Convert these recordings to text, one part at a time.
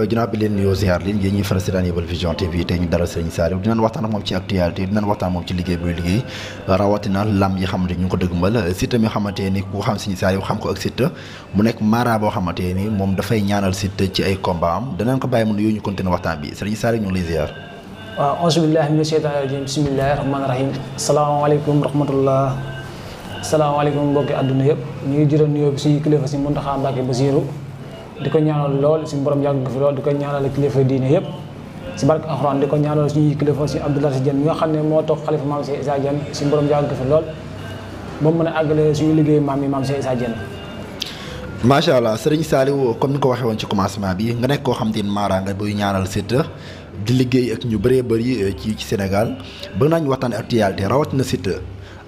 ginnaaw bi leen nuyoo ziar leen yéen ñuy faral di daan yëbal Vision TV tey ñu dara Serigne Saliou dinañ waxtaan ak moom ci liggéey buy liggéey rawatina lam yi xamante ñu ngi ko dëggmal Siteu mi xam Serigne Saliou ko ak Siteu mu nekk mara boo xamante ni moom dafay ñaanal Siteu ci ay combat am danañ ko bàyyi mu nuyoo ñu continuer waxtaan bi Serigne Saliou ñu ngi lay ziar waaw auzu billahi mina sheytaani rajim bismillahi rahmaani rahim yëpp ñu ngi jural nuyoo bi si kilifa si Mountakha Mbacké Bassirou di ko ñaanal lool suñu borom yàgg fi lool di ko ñaanal kilifa diine yëpp si barke alxuraan di ko ñaanal suñuy kilifa si Abdoulaye Diène nga xam ne moo toog xalifa maam si Issa Diène suñu lool ba mën àggale suñu liggéey maam yi maam si macha allah sëriñ Saliou comme ni ko waxee woon ci commencement bi nga nekk koo xam te ne maara nga buy ñaanal Siteu di liggéey ak ñu bëree bëri eh, ci ci Sénégal bëgg naa ñu waxtaan actualité rawatina Siteu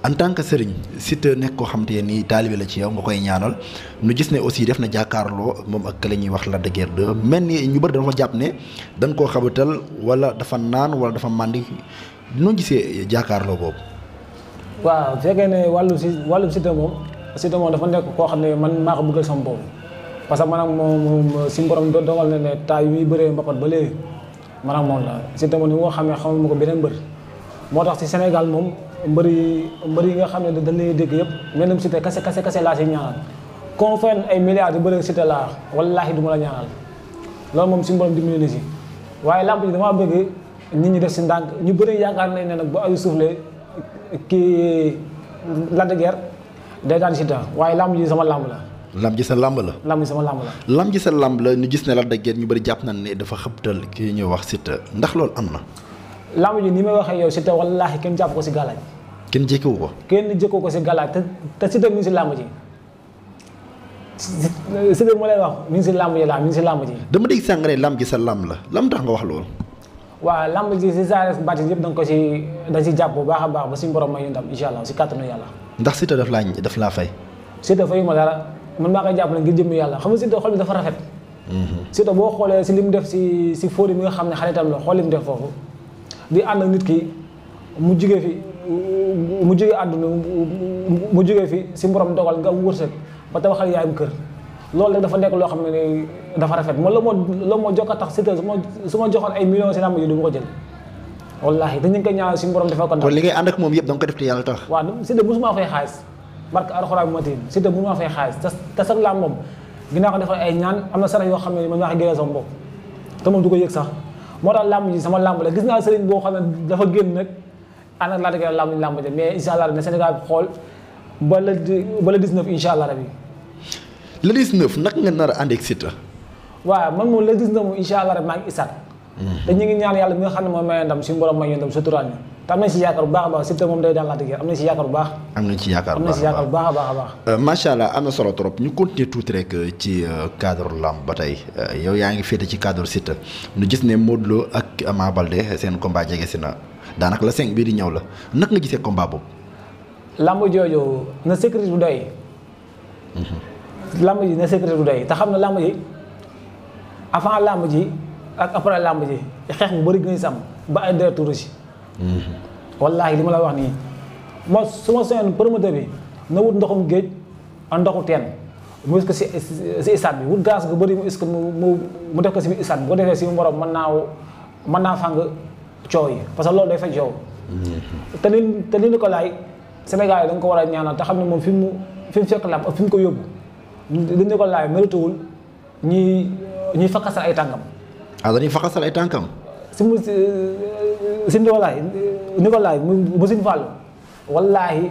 en tant que sëriñ Siteu nekk koo xam te ni taalibe la ci yow nga koy ñaanal nu gis ne aussi def na jàkkaarloo moom ak kële ñuy wax la de Guiers mel ni ñu bëri dafa jàpp ne dañ koo xabatal wala dafa naan wala dafa màndi noo gisee jàkkaarloo boobu. waaw fekkee ne wàllu si wàllu Siteu moom Siteu moom dafa nekk koo xam ne man maa ko bëggal sama bopp parce que man ak moom si borom dogal na ne taa yu muy bëree mbapat ba léegi man ak moom la Siteu moom ni nga xamee xamuma ko beneen mbër moo tax si Sénégal moom. mbër yi mbër yi nga xam ne dañ lay dégg yëpp même Siteu kase kase kase laa si ñaanal kon fenn ay milliards yu bëri Siteu laa wallaahi du ma la ñaanal loolu moom suñu borom dimbali na si waaye làmb ji damaa bëgg nit ñi def si ndànk ñu bëri yaakaar nañ ne nag bu ay suufle kii Lac de Guiers day daan Siteu waaye làmb ji sama làmb la. lam ji sa lamb la lam ji sama lamb la lam ji sa lamb la ñu gis ne Lac de Guiers ñu bëri jàpp nañ ne dafa xëptal kii ñuy wax Siteu ndax loolu am na lamb ji ni may waxee yow Siteu wallaahi kenn jàpp ko si gàllaaj kenn jékkiwu ko. kenn jékkiwu ko si galaat te te Siteu mi si làmb ji Siteu moo lay wax mi ngi si làmb ji la mi ngi si làmb ji. dama dégg sànq ne làmb ji sa làmb la lam tax nga wax loolu. waa làmb ji si saa bàtt yëpp da ko si da si jàpp bu baax a baax ba si borom ma ñu ndam incha allah si kàttanu yàlla. ndax Siteu daf laa daf laa fay. Siteu fayu ma dara man maa koy la ngir jëmm yàlla xam nga Siteu xol bi dafa rafet. Mhm. Siteu boo xoolee si li mu def si si fóori mi nga xam ne xaritam la xool li mu def foofu di ànd ak nit ki mu jógee àdduna mu jógee fi si borom dogal nga wërsëg ba tabaxal yaayam kër loolu rek dafa nekk loo xam ne ni dafa rafet a tax Siteu su ma su ma joxoon ay ko moom yëpp da nga ko def te yàlla tax waaw Siteu mosuma moom ginnaaw ko ay ñaan am na sarax yoo xam ne ni man maa ko génnee sama bopp te moom du ko yëg sax moo tax làmb ji sama làmb la gis naa sëriñ boo xam ne dafa génn nag ànd ak Lac de Guiers làmb làmb ja mais incha allah xool ba le ba le 19 incha allah rabi. le 19 naka nga nar a ànd ak Siteu. waaw man moom le 19 moom incha allah rabi maa hmm. xam ne mooy may ndam suñu borom may ñu ndam suturaan ñu yaakaar bu a baax Siteu de Guiers am a baax a euh, na solo trop ñu continuer tuuti rek euh, ci euh, ba tey yow yaa ngi féete ci cadre Siteu ñu gis ne Modou Lo ak Ama Baldé seen combat jege si daanaka la cinq bii di ñëw la nak nga gisee combat boobu. lamb jooju na sécurité bu doy. làmb ji na sécurité bu doy te xam na làmb ji avant làmb ji ak après làmb ji xeex bu bëri dinañ sàmm ba ay deux tours wallaahi li ma la wax nii ma su ma seen promoteur bi na wut ndoxum géej ak ndoxu teen mu is ko si si stade bi wut gaz gu bari mu is ko mu mu def ko si biir stade bi bu ko defee si morom mën naa mën naa fang coow yi parce que loolu day faj yow. te ni te ni ko laay yi da ko war a ñaanal te xam ne moom fi mu fi mu fekk làmb fi mu ko yóbbu li ñu ko laay méritewul ñuy ñuy fakkasal ay tànkam. ah dañuy fakkasal ay tànkam. si mu si Ndiobalay mu si Fallou wallaahi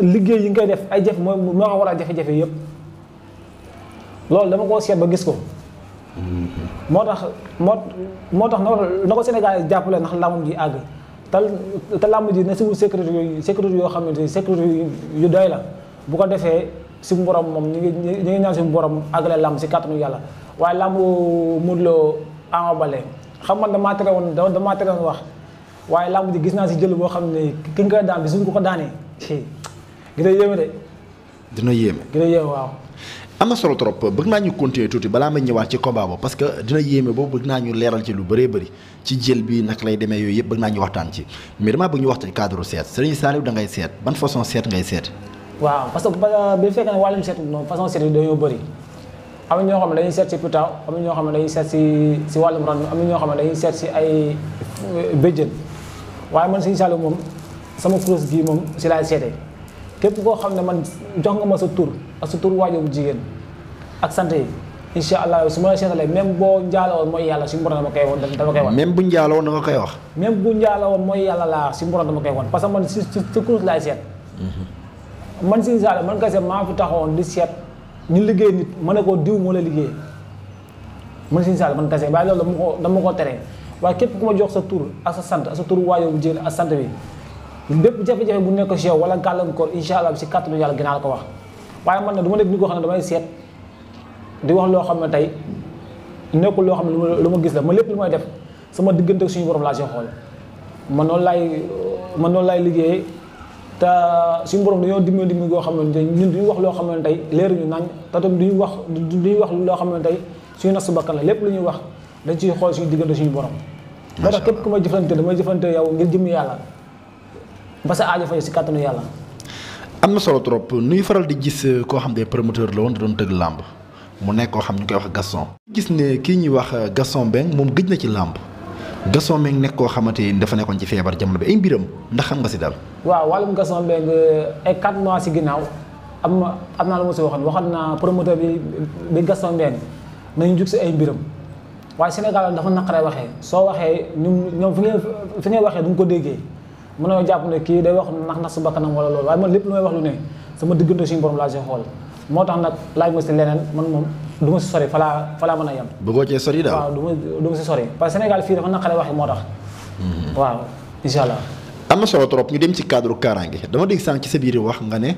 liggéey yi nga koy def ay jafe mooy moo ko war a jafe-jafe yëpp loolu dama koo seet ba gis ko. moo tax moo moo tax na ko Sénégal jàppale ndax làmb ji àgg te te làmb ji na si wut sécurité yoo xamante ni sécurité yu doy la bu ko defee si mborom moom ñu ngi ñu ngi ñaan si mborom àggale làmb si kàttanu yàlla waaye làmb Modou Lo Ama Baldé xam man damaa tege woon damaa tere woon wax waaye làmb ji gis naa si jël boo xam ne ki nga koy suñ ko ko daanee gën a yéeme de dina yéeme gën a yéeme waaw am na solo trop bëgg naa ñu continuer tuuti balaa ma ñëwaat ci combat ba parce que dina yéeme boobu bëgg naa ñu leeral ci lu bëree bëri ci jël bi naka lay demee yooyu yëpp bëgg naa ñu waxtaan ci mais damaa bëgg ñu waxtaan cadre seet Serigne Saliou da ngay seet ban façon seet am na ñoo xam ne dañuy seet si putaaw am na ñoo xam ne dañuy seet si si wàllum ron am na ñoo xam ne dañuy seet si ay euh, béjjën waaye man Serigne Saliou moom sama kurus gii moom si laay seetee képp koo xam ne man jox nga ma sa tur ak sa tur waajur bu jigéen ak sant yi incha allah su ma la seetalee même boo njaaloon mooy yàlla si mbooloo dama koy woon dama koy wan. même bu njaaloon da nga koy wax. même bu njaaloon mooy yàlla laa si mbooloo dama koy wan parce que man si si si kurus laay seet. Mhm. man si incha allah man kese maa fi taxawoon di seet ñu liggéey nit ma ne koo diw moo la liggéey man si incha allah man kese waaye loolu dama ko dama ko teree waaye képp ku ma jox sa tur ak sa sant ak sa tur waajur bu jigéen ak sant lépp jafe-jafe bu nekk si yow wala gàllankoor incha allah si kàttanu yàlla gënaa la ko wax waaye man nag du ma nekk ni xam ne damay seet di wax loo xam ne tey nekkul loo xam ne lu ma gis la ma lépp lu may def sama diggante suñu borom laa si xool man noonu laay man noonu laay liggéeyee te suñu borom dañoo dimbali dimbali goo xam ne ñun duñu wax loo xam ne tey leeruñu nañ te tamit duñu wax duñu wax loo xam ne tey suñu nasu bakkan la lépp lu ñuy wax dañ ciy xool suñu diggante suñu borom moo tax képp ku may jëflante damay jëflante yow ngir jëmm yàlla ba sa aajo fay si kàttanu yàlla. am na solo trop nuy faral di gis eh, koo xam ne promoteur la woon da doon tëgg làmb mu nekk koo xam ñu koy wax Gaston. gis ne kii ñuy wax eh, Gaston Mbengue moom gëj na ci làmb gason Mbengue nekk koo xamante ni dafa nekkoon ci feebar jamono bi ay mbiram ndax xam nga si daal. waaw wàllum Gaston Mbengue eh, ay 4 mois si ginnaaw am na am naa lu ma si waxoon waxoon naa promoteur bi bi Gaston Mbengue nañu jug si ay mbiram waaye Sénégal dafa naqaree wa soo waxee ñun ñoom fi du ñu ko déggee. mënoo jàpp ne kii day wax nax nax su bakkanam wala loolu waaye man lépp lu may wax lu ne sama diggante suñu borom laa moo tax nag laaj ma si leneen man moom du ma sori falaa falaa mën a yem bëggoo cee sori daal waaw du ma du ma si sori parce que Sénégal fii dafa naqaree waxee moo tax hmm. waaw incha am na solo trop ñu dem ci cadre kaaraange dama dégg sànq ci sa biir wax nga ne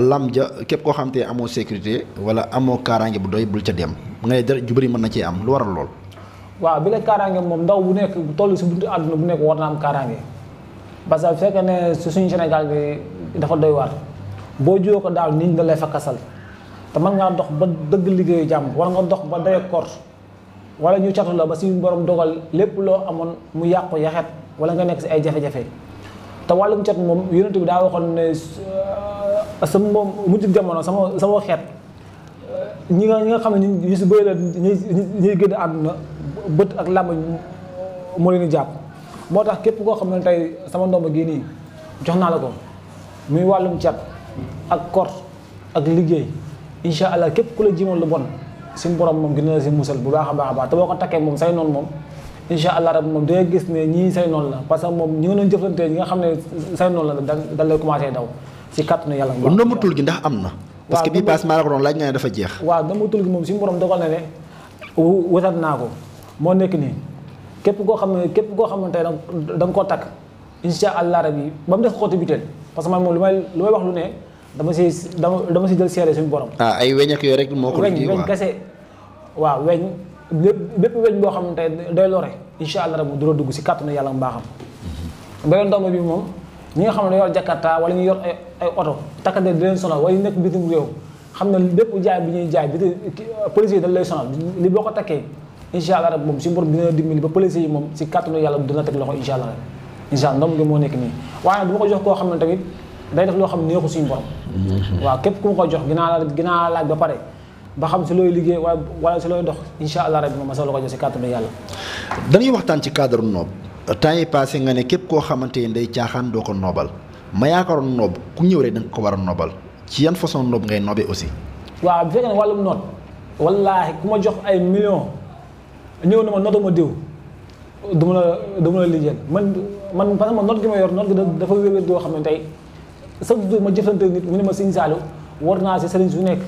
lam ja képp koo xam te amoo sécurité wala amoo kaaraange bu doy bul ca dem nga ne dara ju mën na cee am lu waral lool. waaw bi la kaaraange moom ndaw bu nekk toll si buntu àdduna bu nekk war na am kaaraange parce que fekkee ne su suñu Sénégal bi dafa doy waar boo jiwoo ko daal nit ñi lay fa kasal te man ngaa ndox ba dëgg liggéeyu jàmm wala nga ndox ba dayoo kor wala ñu catu la ba si borom dogal lépp loo amoon mu yàqu yaxet wala nga nekk si ay jafe-jafe te wàllum cat moom yonent bi daa waxoon ne euh, sama moom mujj jamono sama sama xeet ñi nga ñi nga xam ne ñu ñu si bëri la ñuy ñuy gëdd na bët ak làmb moo leen jàpp. moo tax képp koo xam ne tey sama ndomba gii nii jox naa la ko muy wàllum cat ak kor ak liggéey incha allah képp ku la jiwoon lu bon suñu borom moom gën la si musal bu baax a baax a baax ko takkee moom say noonu moom incha allah rab moom dangay gis parce que moom ñi nga doon jëflante ñi nga xam ne say noonu la da da lay commencé daw si kàttanu yàlla. waaw nëmbatul gi ndax am na. parce que bii paas maa la ko doon laaj nga ne dafa jeex. waaw nëmbatul gi moom suñu borom dogal na ne wutal naa ko moo nekk nii. képp koo xam ne képp koo xam ne tey da nga koo takk insha allah yi ba mu def xottu butéel parce que man moom lu may lu may wax lu ne dama si dama dama si jël seere suñu borom. ah ay weñ ak yooyu rek moo ko. weñ weñ kese waaw weñ lépp bépp weñ boo xam ne tey day lore insha allah rabi du la dugg si kàttanu yàlla mbaaxam. Mhm. beneen ndomb bi moom ñi nga xam ne dañoo yor jakarta wala ñu yor ay ay oto takk de di leen sonal wala ñu nekk bitim réew xam ne lépp jaay bi ñuy jaay bi policier dañ lay sonal li boo ko takkee incha allah rek moom si borom dina dimbali ba policier yi moom si kàttanu yàlla dina teg loxo incha allah rek incha allah ndam nga moo nekk nii waaye du ma ko jox koo xam ne tamit day def loo xam neexu suñu borom mm-hmm. waaw képp ku ma ko jox ginaa la laaj ba pare ba xam si looy liggéey waaye wala si looy dox incha allah rek moom ma sa la ko jox si kàttanu yàlla dañuy waxtaan ci cadre noob temps yi passé nga ne képp koo xamante ne day caaxaan doo ko noobal ma yaakaaroon noob ku ñëw rek da ko war a noobal ci yan façon noob ngay noobee aussi waaw bu fekkee ne wàllum noot ku ma jox ay millions ñëw na ma notu ma diw du ma la du ma la lijjeel man man parce que man note gi ma yor note gi dafa wéwét goo xam ne tey chaque jour ma jëflante nit mu ne ma Sëñ Saliou war naa si sëriñ su nekk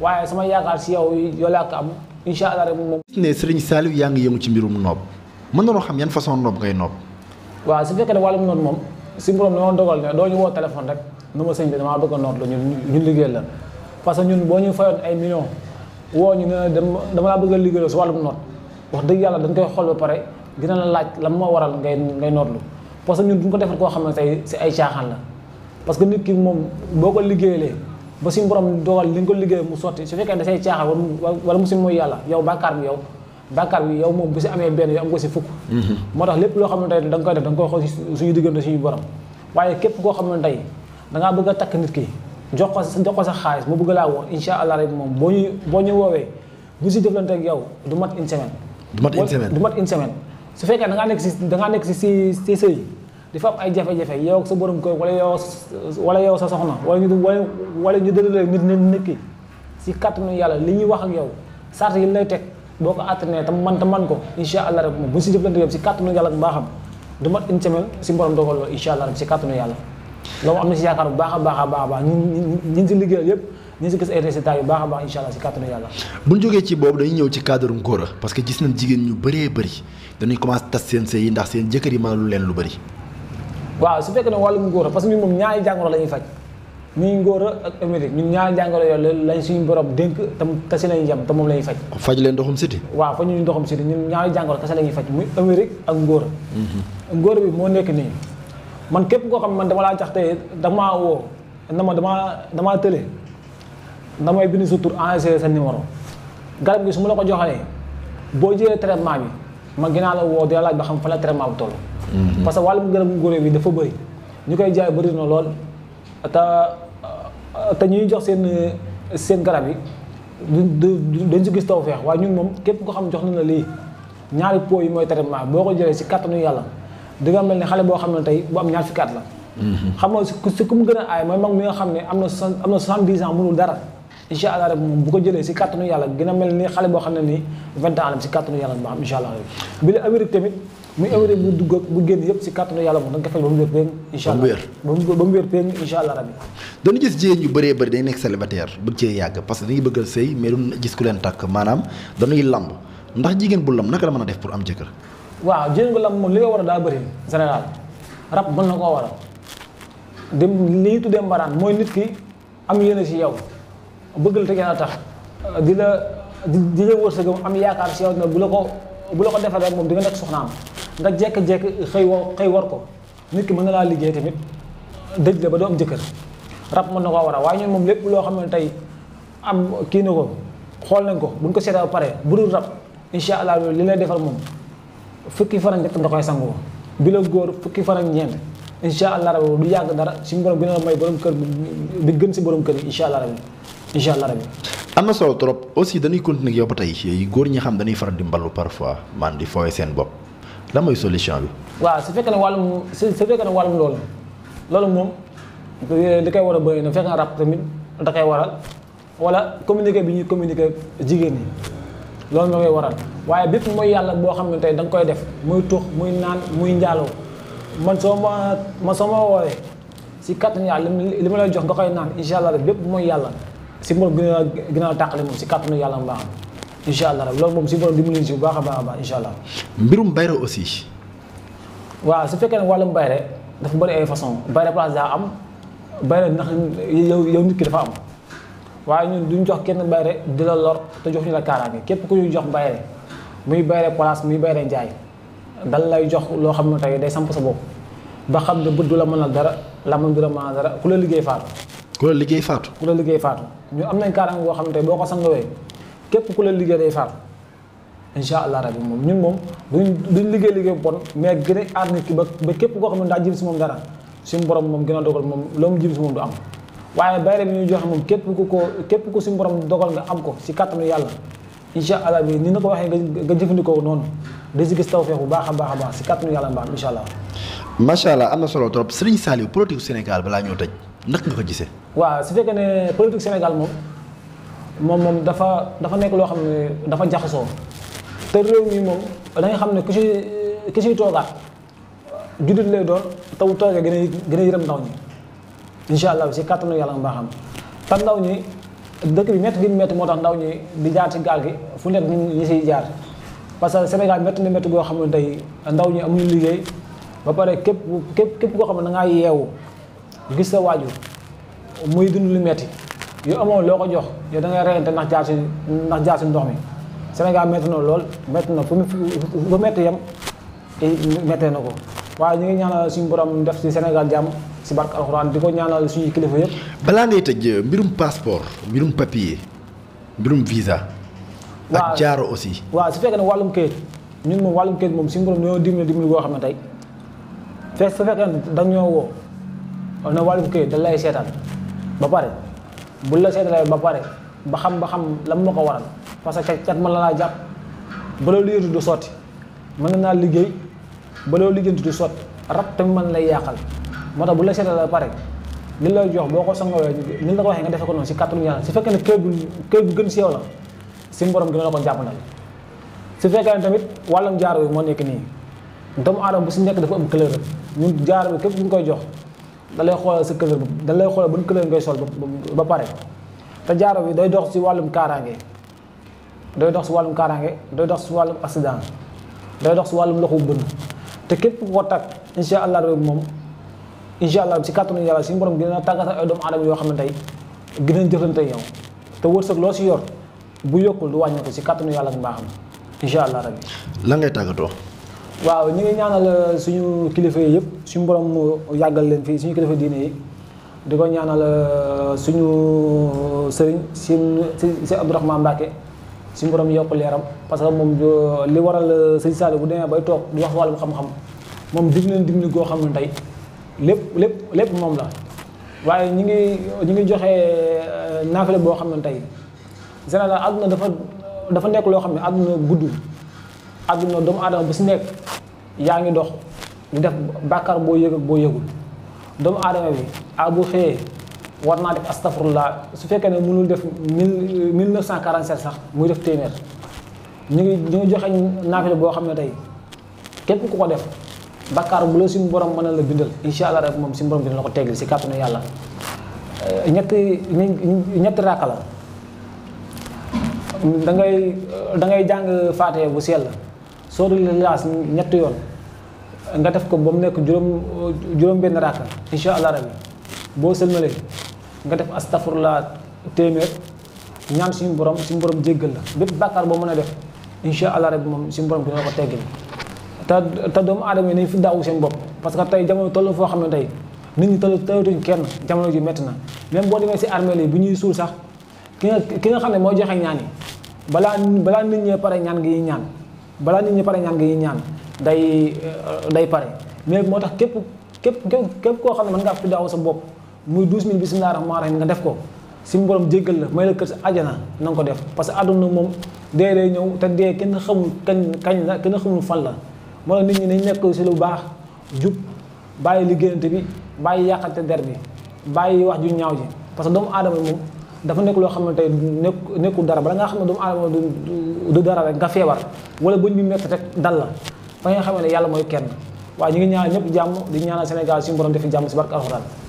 waaye sama yaakaar si yow yoo laa ko am incha allah rek moom. ne Sëriñ Saliou yaa ngi yëngu ci mbirum noob mën na xam yan façon noob ngay noob. waaw su fekkee ne wàllum noonu moom si borom dama dogal ne doo ñu woo téléphone rek nu ma sëñ bi damaa bëgg a noot la ñun ñun liggéeyal la parce que ñun boo ñu fayoon ay millions woo ñu ne dama laa bëgg a liggéeyal si wàllum noot wax dëgg yàlla dañ koy xool ba pare dina la laaj lan moo waral ngay ngay nootlu parce que ñun duñ ko defar koo xam ne tey ay caaxaan la parce que nit ki moom boo ko liggéeyalee ba suñu borom dogal li nga ko liggéey mu sotti su fekkee da say caaxaan wala mu si mooy yàlla yow bàkkaar bi yow bàkkaar bi yow moom bu si amee benn mm-hmm. moo tax lépp loo xam ne tey da nga koy def da nga koy xool suñu diggante suñu borom waaye képp koo xam ne tey dangaa bëgg a takk nit ki jox ko jox ko sa xaalis mu bëgg laa woo incha allah rek moom boo ñu boo ñu woowee bu si jëflante ak yow du mat une du mat une semaine du mat su fekkee da ngaa nekk si da nekk si si si sëy dafa am ay jafe-jafe yow ak sa borom kër wala yow wala yow sa soxna wala ñu wala ñu dëdale nit nit nekki ki si nu yàlla li ñuy wax ak yow sart yi lay teg boo ko atténé te man tam man ko incha allah rek moom bu ñu si jëflante yow si kàttanu yàlla ak mbaaxam du mat une semaine si borom dogal la incha allah rek si kàttanu yàlla loolu am na si yaakaar bu baax a baax a baax a baax ñi ñi si liggéeyal yëpp ñu si gis ay yu baax a baax incha allah si kàttanu yàlla. bu ñu jógee ci boobu dañuy ñëw ci cadre ngóora parce que gis nañ jigéen ñu bëree bëri dañuy commencé tas seen sëy yi ndax seen jëkkër yi mënalu leen lu bëri. waaw su fekkee ne wàllum ngóora parce que moom ñaari jàngoro la ñuy faj ñuy ngóora ak émétique ñun ñaari jàngoro yooyu lañ suñu borom dénk tam kese lañuy yem te moom la ñuy faj. faj leen ndoxum waaw faj ñu ndoxum siti ñun ñaari jàngoro kese la ñuy faj muy émétique ak ngóora. Mhm. ngóora bi moo nekk nii man képp koo xam man dama laa jax tey dama na ma dama damaa tële damay bind sa tur enregistré sa numéro garab gi su ma la ko joxalee boo jëlee traitement bi ma ginnaa la woo dina ba xam fa la traitement bi toll. Mhm. parce que wàllum garabu góor bi dafa bëri ñu koy jaay bëri na lool te te ñuy jox seen seen garab yi dañ si gis tawfeex waaye ñun moom képp ko xam jox na la lii ñaari pot yi mooy traitement boo ko jëlee si kattanu yàlla di nga mel ne xale boo xam ne tey bu am ñaar la. Mhm. xam nga ku mu gën a aay mooy mag mi ne am na soixante am na soixante-dix ans mënul dara. incha allah rek ko jëlee si kàttanu yàlla gën mel ni xale boo xam ne nii vingt ans la si kàttanu yàlla ba yëpp si kàttanu yàlla moom da nga ko fekk ñu bëree bëri dañu nekk célibataire bëgg cee yàgg parce que dañuy bëggal sëy mais duñ gis ku leen takk maanaam dañuy lamb ndax jigéen bu la mën a def pour am jëkkër waaw jigéen bu lamb moom li nga war a daa bëri rab mën na koo waral dem li ñu tuddee mbaraan mooy nit ki am yéene si yow bëgg la te yàlla tax dina la di di la wërsëgam am yaakaar si yow na bu la ko bu la ko defaree moom di nga nekk soxnaam nga jekk-jekk xëy wo war ko nit ki mën na laa liggéey tamit dëj la ba doo am jëkkër rab mën na koo war a waaye ñun moom lépp loo xam ne tey am kii na ko xool nañ ko buñ ko seetee ba pare bu dul rab incha allah loolu li lay defar moom fukki fan ak ñett nga koy sangoo bi la góor fukki fan ak ñeent incha allah rabi du yàgg dara suñu borom gën a may borom kër bi gën si borom kër yi incha allah rabi incha allah rabbi am na solo trop aussi danuy continuer yopp yow ba tey góor ñi xam dañuy faral di mballu parfois man di fooye seen bopp lan mooy solution bi. waa su fekkee ne wàllum su fekkee na wàllum loolu loolu moom li koy war a bëri na fekk na rab tamit da koy waral wala communiquer bi ñuy communiquer jigéen ñi loolu la koy waral waaye bépp mooy yàlla boo xam ne tey da nga koy def muy tuux muy naan muy njaaloo man soo ma man soo ma woowee si kattan yàlla li ma lay jox nga koy naan incha allah bépp mooy yàlla. si moom ginaa ginnaaw moom si kàttanu yàlla mu baax a incha allah loolu moom si borom dimbali si bu baax a baax a baax incha allah. mbirum bayre aussi. waaw su fekkee ne wàllum bayre dafa bari ay façon bayre place daa am bayre ndax yow yow nit ki dafa am waaye ñun duñ jox kenn bayre di la lor te jox ñu la kaaraange képp ku ñu jox bayre muy bayre place muy bayre njaay dal lay jox loo xam ne tey day samp sa bopp ba xam ne bët du la mënal dara la mën du la ku la liggéey faatu. ku la liggéey faatu. ku la liggéey faatu ñu am nañ kaaraange boo xam ne tey boo ko sangawee képp ku la liggéey day faatu incha allah rabi moom ñun moom du duñ liggéey liggéey bu bon mais gën a aar nit ki ba ba képp koo xam ne daa jëm si moom dara suñu borom moom gën a dogal moom loo mu jëm si moom du am. waaye bayre bi ñuy joxe moom képp ku ko képp ku suñu borom dogal nga am ko si kàttanu yàlla incha allah bi ni na ko waxee nga jëfandikoo noonu da bu baax a a baax si kàttanu yàlla mbaam incha macha allah am na solo trop Serigne Saliou politique Sénégal balaa ñoo tëj ndax nga ko gisee. waaw su fekkee ne politique Sénégal moom moom moom dafa dafa nekk loo xam ne dafa jaxasoo te réew mi moom da xam ne ku ci ku ciy toogaat jullit lay doon taw toogee gën a gën a yërëm ndaw ñi si kàttanu yàlla mbaaxam te ndaw ñi dëkk bi métti gi métti moo tax ndaw ñi di jaar ci gaal gi fu nekk ñi siy jaar parce que Sénégal métti na métti goo xam ne day ndaw ñi am amuñu liggéey ba pare képp képp képp koo xam ne da ngaa yeewu. gis sa waajur muy dund lu metti yow amoo loo ko jox yow da ngay reyante ndax jaar si ndax jaar si ndox mi Sénégal métti na lool métti na fu mu fu métti na ko waaye ñu ngi ñaanal suñu borom def si Sénégal jàmm si barke alxuraan di ko ñaanal suñu kilifa yëpp. balaa ngay tëj mbirum passeport mbirum papier mbirum visa. ak jaaro aussi. waa su fekkee ne wàllum kayit ñun moom wàllum kayit moom suñu borom dañoo dimbali dimbali goo xam ne tey fees su wala na wàllu këyit da lay seetaan ba pare bu la seetalee ba pare ba xam ba xam lan moo ko waral parce que cat mën na laa jàpp ba loo liggéey du mën na naa liggéey ba loo liggéey du sotti rab tamit mën lay yàqal moo tax bu la seetalee ba pare li lay jox boo ko sangawee ni la waxee nga defee ko noonu si kàttanu yàlla su fekkee ne këyit bu këyit bu gën si yow la si mborom dina la ko jàpp nag su fekkee ne tamit wàllum jaaro bi moo nekk nii doomu aadama bu si nekk dafa am couleur ñun jaaro bi képp ñu ngi koy jox da lay xoolal sa couleur da lay xoolal ban couleur ngay sol ba pare te jaaro bi day dox si wàllum kaaraange day dox si wàllum kaaraange day dox si wàllum accident day dox si wàllum loxo bënn te képp ku ko takk incha allah rek moom incha allah si kàttanu yàlla borom gën a ay doomu aadama yoo xam ne tey gën a jëflante yow te wërsëg loo si yor bu yokkul du wàññi ko si kàttanu yàlla ak mbaaxam incha allah rabbi la ngay tàggatoo. waaw ñu ngi ñaanal euh, suñu kilifa yi yëpp suñu borom yàggal leen fii suñu kilifa diine yi di ko ñaanal euh, suñu sëriñ si si Abdourahmane Mbacke borom yokk leeram parce que moom euh, li waral sëñ Saliou bu demee bay toog di wax wàllum xam moom dig leen dig goo xam ne tey lépp lépp lépp moom la waaye ñi ngi ñi ngi joxe naafale boo xam ne tey général àdduna dafa dafa nekk loo xam ne àdduna gudd àdduna doomu aadama bu si nekk yaa ngi dox di def bàkkaar boo yëg ak boo yëgul doomu aadama bi ah bu xëyee war naa def astafurlah su fekkee ne mënul def mil mille neuf cent quarante sept sax muy def téeméer ñu ngi ñu ngi joxe boo xam ne tey képp ku ko def bàkkaar bu la suñu borom mën na la bindal incha allah rek moom si borom dina la ko teggil si kàttanu yàlla euh, ñetti ñetti ràkka la da ngay jàng faatee bu seel la sooratul Ikhlas ñetti yoon nga def ko ba mu nekk juróom juróom-benn raaka incha allah rabbi boo sëlmalee nga def astafurla téeméer ñaan suñu borom suñu borom jéggal la bépp bàkkaar boo mën a def incha allah rabbi moom suñu borom dina ko teggil te te doomu aadama yi nañ fi daawu seen bopp parce que tey jamono toll foo xam ne tey nit ñi toll tawatuñ kenn jamono ji métti na même boo demee si armée yi bu ñuy suul sax ki nga ki nga xam ne moo joxe ñaan yi balaa balaa pare ñaan gi ñaan balaa nit ñi pare ñaan gi ñaan day euh, day pare mais moo tax képp képp képp koo xam ne mën ngaa tudd aw sa bopp muy douze mille bismillah rahmaan rahim nga def ko si borom jéggal la may la kër sa ajana na nga ko def parce que àdduna moom dee day ñëw te dee kenn xamul kañ kañ la kenn xamul fan la moo tax nit ñi nañ nekk si lu baax jub bàyyi liggéeyante bi bàyyi yàqante der bi bàyyi wax ju ñaaw ji parce que doomu aadama moom dafa nekk loo xam ne tey nekk nekkul dara bala ngaa xam ne doomu aadama du dara rek nga feebar wala bëñ bi métti rek dal la fa nga xam ne yàlla mooy kenn waa ñu ngi ñaanal ñëpp jàmm di ñaanal Sénégal suñu borom defi jàmm si barke alxuraan